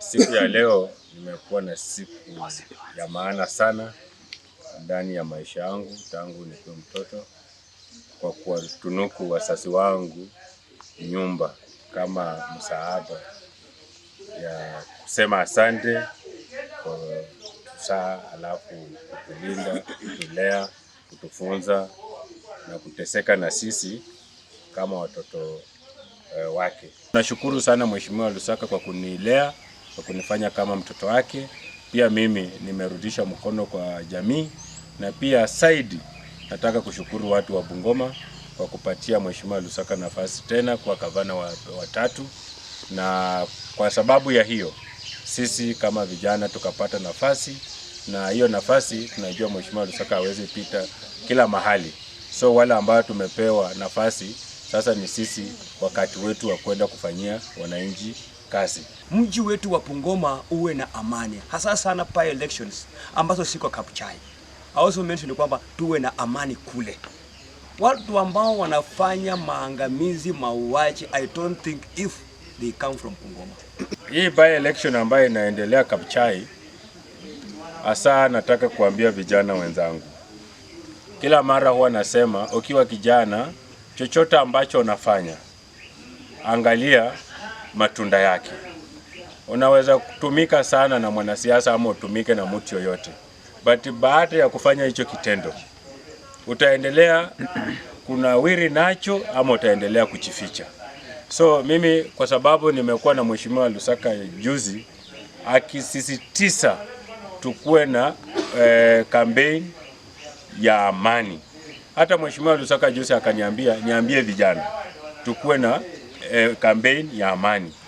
Siku ya leo nimekuwa na siku ya maana sana ndani ya maisha yangu tangu nikiwa mtoto, kwa kuwatunuku wazazi wangu nyumba kama msaada ya kusema asante kwa kusaa, alafu kutulinda, kutulea, kutufunza na kuteseka na sisi kama watoto eh, wake. Nashukuru sana Mheshimiwa Lusaka kwa kunilea kwa kunifanya kama mtoto wake. Pia mimi nimerudisha mkono kwa jamii, na pia saidi, nataka kushukuru watu wa Bungoma kwa kupatia Mheshimiwa Lusaka nafasi tena kuwa gavana watatu wa na kwa sababu ya hiyo sisi kama vijana tukapata nafasi, na hiyo nafasi tunajua Mheshimiwa Lusaka hawezi pita kila mahali, so wale ambao tumepewa nafasi sasa ni sisi wakati wetu wa kwenda kufanyia wananchi kazi. Mji wetu wa Bungoma uwe na amani, hasa sana pa elections ambazo siko Kabuchai. Also mention kwamba tuwe na amani kule. Watu ambao wanafanya maangamizi, mauaji, I don't think if they come from Bungoma. Hii by election ambayo inaendelea Kabuchai, hasa nataka kuambia vijana wenzangu, kila mara huwa nasema ukiwa kijana, chochote ambacho unafanya angalia matunda yake. Unaweza kutumika sana na mwanasiasa ama utumike na mtu yoyote, but baada ya kufanya hicho kitendo utaendelea kuna wiri nacho ama utaendelea kuchificha So mimi kwa sababu nimekuwa na mheshimiwa Lusaka juzi akisisitiza tukuwe na eh, campaign ya amani. Hata mheshimiwa Lusaka juzi akaniambia niambie vijana tukuwe na eh, kampeni ya amani.